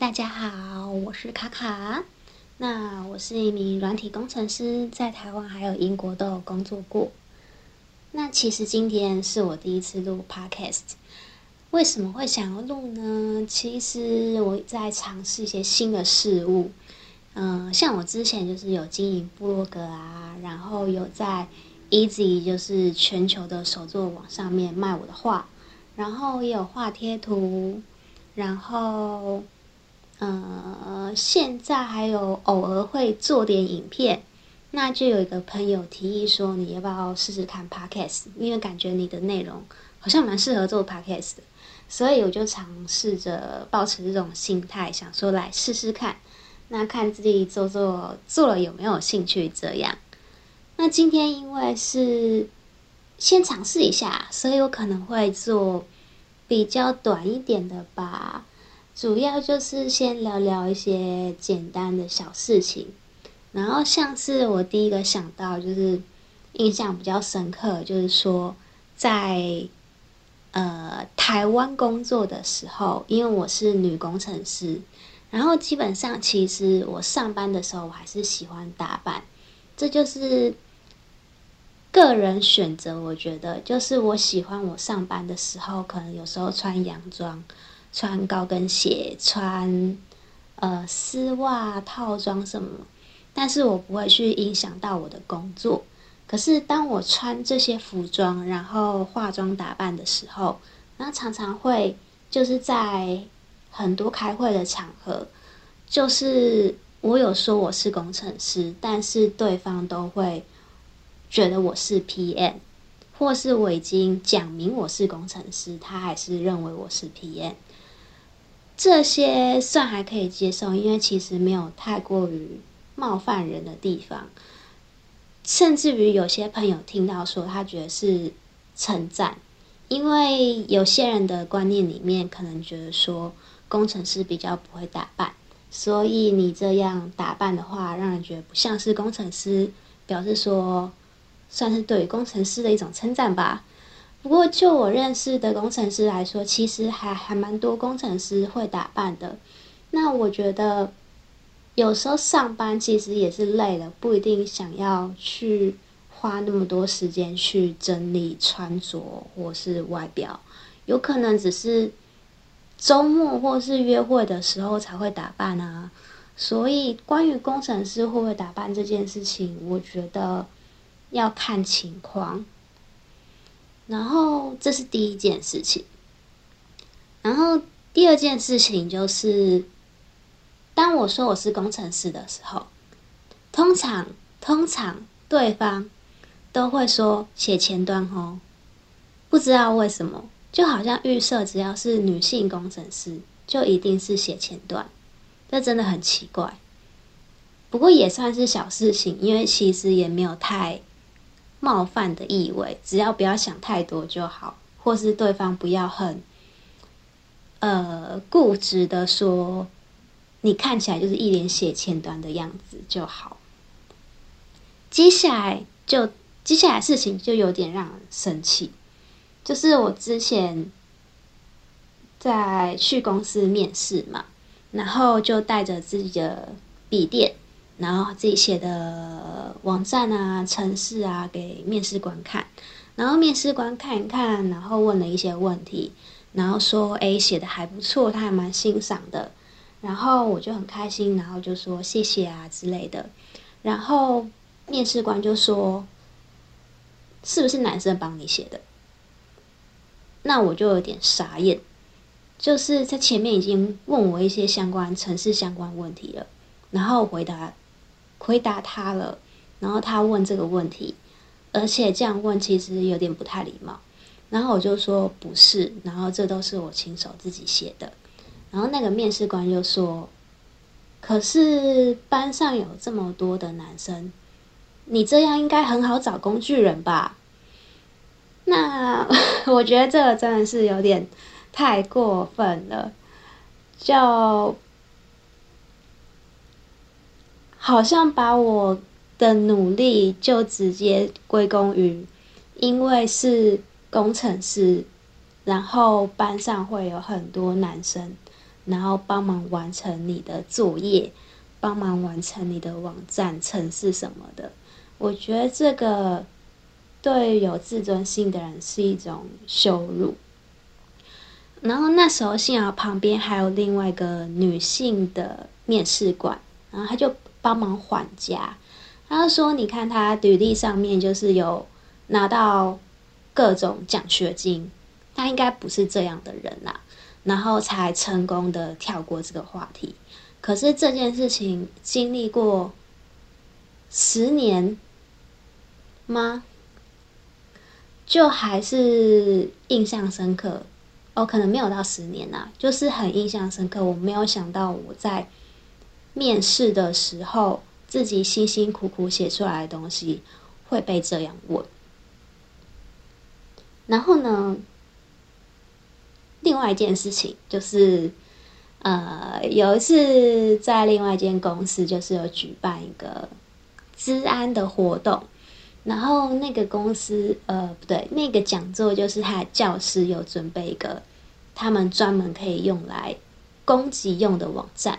大家好，我是卡卡。那我是一名軟體工程師，在台灣還有英國都有工作過。那其實今天是我第一次錄 Podcast，為什麼會想要錄呢？其實我在嘗試一些新的事物。嗯、呃，像我之前就是有經營部落格啊，然後有在 Easy 就是全球的手作網上面賣我的畫，然後也有畫貼圖，然後。呃，現在還有偶爾會做點影片，那就有一個朋友提議說，你要不要試試看 podcast？因為感覺你的內容好像蠻適合做 podcast 所以我就嘗試着保持這種心態，想說來試試看，那看自己做做做了有沒有興趣這樣。那今天因為是先嘗試一下，所以我可能會做比較短一點的吧。主要就是先聊聊一些簡單的小事情，然後像是我第一個想到就是印象比較深刻，就是說在呃台灣工作的時候，因為我是女工程師，然後基本上其實我上班的時候我還是喜歡打扮，這就是個人選擇。我覺得就是我喜歡我上班的時候，可能有時候穿洋裝。穿高跟鞋、穿呃絲襪套裝什麼，但是我不會去影響到我的工作。可是當我穿這些服裝，然後化妝打扮的時候，那常常會就是在很多開會的場合，就是我有說我是工程師，但是對方都會覺得我是 PM，或是我已經講明我是工程師，他還是認為我是 PM。這些算還可以接受，因為其實沒有太過於冒犯人的地方。甚至於有些朋友聽到說，他覺得是稱讚，因為有些人的觀念裡面可能覺得說，工程師比較不會打扮，所以你這樣打扮的話，讓人覺得不像是工程師，表示說算是對於工程師的一種稱讚吧。不過，就我認識的工程師來說，其實還還蠻多工程師會打扮的。那我覺得，有時候上班其實也是累了，不一定想要去花那麼多時間去整理穿着或是外表，有可能只是周末或是約會的時候才會打扮啊。所以，關於工程師會不會打扮這件事情，我覺得要看情況。然後這是第一件事情。然後第二件事情就是，當我說我是工程師的時候，通常通常對方都會說寫前端哦。不知道為什麼，就好像預設只要是女性工程師，就一定是寫前端，這真的很奇怪。不過也算是小事情，因為其實也沒有太。冒犯的意味，只要不要想太多就好，或是對方不要很呃固執的說，你看起來就是一臉寫前端的樣子就好。接下來就接下來事情就有點讓人生氣，就是我之前在去公司面試嘛，然後就帶着自己的筆電。然後自己寫的網站啊、城市啊給面試官看，然後面試官看一看，然後問了一些問題，然後說：“哎，寫的還不錯，他還蠻欣賞的。”然後我就很開心，然後就說：“謝謝啊之類的。”然後面試官就說：“是不是男生幫你寫的？”那我就有點傻眼，就是在前面已經問我一些相關城市相關問題了，然後回答。回答他了，然後他問這個問題，而且這樣問其實有點不太禮貌。然後我就說不是，然後這都是我親手自己寫的。然後那個面試官就說：“可是班上有這麼多的男生，你這樣應該很好找工具人吧？”那我覺得這個真的是有點太過分了，叫。好像把我的努力就直接歸功於，因為是工程師，然後班上會有很多男生，然後幫忙完成你的作業，幫忙完成你的網站、程式什麼的。我覺得這個對有自尊心的人是一種羞辱。然後那時候，幸好旁邊還有另外一個女性的面試官，然後他就。幫忙緩家，他就說：“你看他履歷上面就是有拿到各種獎學金，他應該不是這樣的人吶、啊。”然後才成功的跳過這個話題。可是這件事情經歷過十年嗎？就還是印象深刻哦？可能沒有到十年吶、啊，就是很印象深刻。我沒有想到我在。面試的時候，自己辛辛苦苦寫出來的東西會被這樣問。然後呢，另外一件事情就是，呃，有一次在另外一間公司，就是有舉辦一個治安的活動，然後那個公司，呃，不對，那個講座就是他的教師有準備一個他們專門可以用來攻擊用的網站。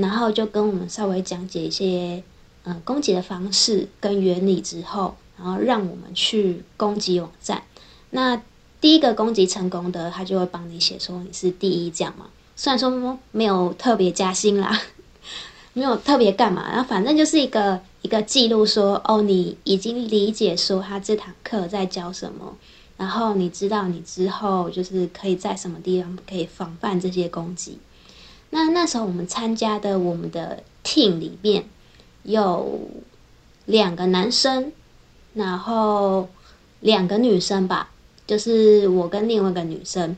然後就跟我們稍微講解一些、呃，攻擊的方式跟原理之後，然後讓我們去攻擊網站。那第一個攻擊成功的，他就會幫你寫說你是第一，講嘛。雖然說沒有特別加薪啦，沒有特別幹嘛，然後反正就是一個一個記錄說，說哦，你已經理解說他這堂課在教什麼，然後你知道你之後就是可以在什麼地方可以防範這些攻擊。那那時候我們參加的我們的 team 裡面有兩個男生，然後兩個女生吧，就是我跟另外一個女生。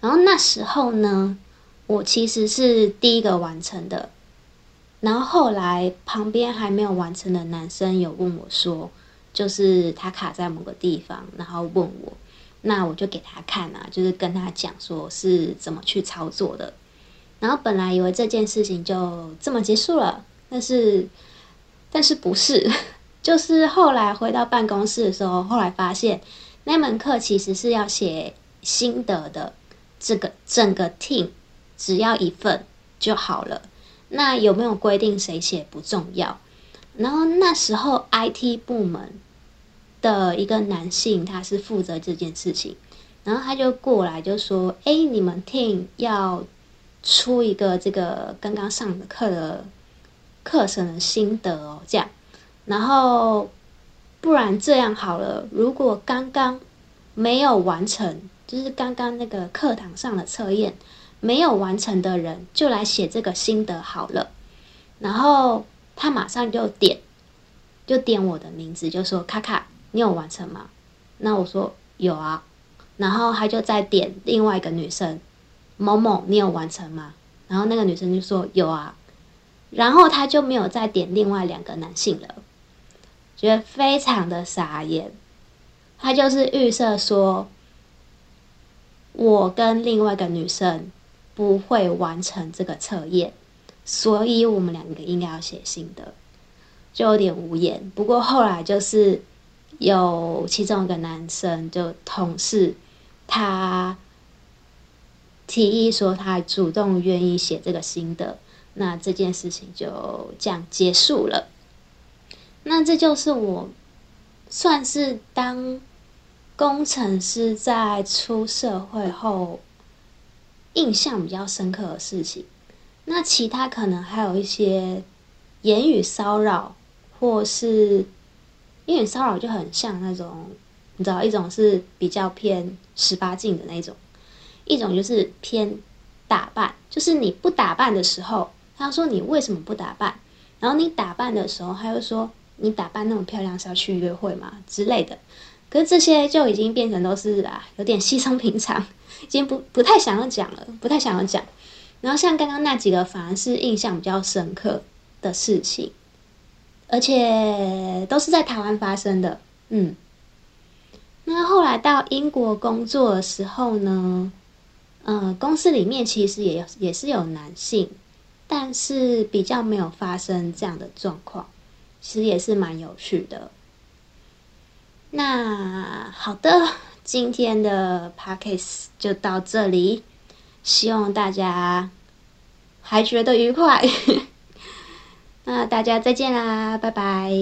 然後那時候呢，我其實是第一個完成的。然後後來旁邊還沒有完成的男生有問我說，就是他卡在某個地方，然後問我，那我就給他看啊，就是跟他講說是怎麼去操作的。然後本來以為這件事情就這麼結束了，但是，但是不是？就是後來回到辦公室的時候，後來發現那門課其實是要寫心得的，這個整個 team 只要一份就好了。那有沒有規定誰寫不重要？然後那時候 IT 部門的一個男性他是負責這件事情，然後他就過來就說：“哎，你們 team 要。”出一個這個剛剛上的課的課程的心得哦，這樣，然後不然這樣好了。如果剛剛沒有完成，就是剛剛那個課堂上的測驗沒有完成的人，就來寫這個心得好了。然後他馬上就點，就點我的名字，就說：“卡卡，你有完成嗎？”那我說：“有啊。”然後他就再點另外一個女生。某某，你有完成嗎？然後那個女生就說有啊，然後他就沒有再點另外兩個男性了，覺得非常的傻眼。他就是預設說，我跟另外一個女生不會完成這個測驗，所以我們兩個應該要寫信的，就有點無言。不過後來就是有其中一個男生就同事他。提議說，他還主動願意寫這個心得，那這件事情就這樣結束了。那這就是我算是當工程師在出社會後印象比較深刻的事情。那其他可能還有一些言語騷擾，或是言語騷擾就很像那種，你知道，一種是比較偏十八禁的那種。一種就是偏打扮，就是你不打扮的時候，他說你為什麼不打扮？然後你打扮的時候，他又說你打扮那麼漂亮是要去約會嗎之類的。可是這些就已經變成都是啊，有點稀鬆平常，已經不不太想要講了，不太想要講。然後像剛剛那幾個，反而是印象比較深刻的事情，而且都是在台灣發生的。嗯，那後來到英國工作的時候呢？呃，公司裡面其實也也是有男性，但是比較沒有發生這樣的狀況，其實也是蠻有趣的。那好的，今天的 p a c k a g e 就到這裡，希望大家還覺得愉快。 那大家再見啦，拜拜。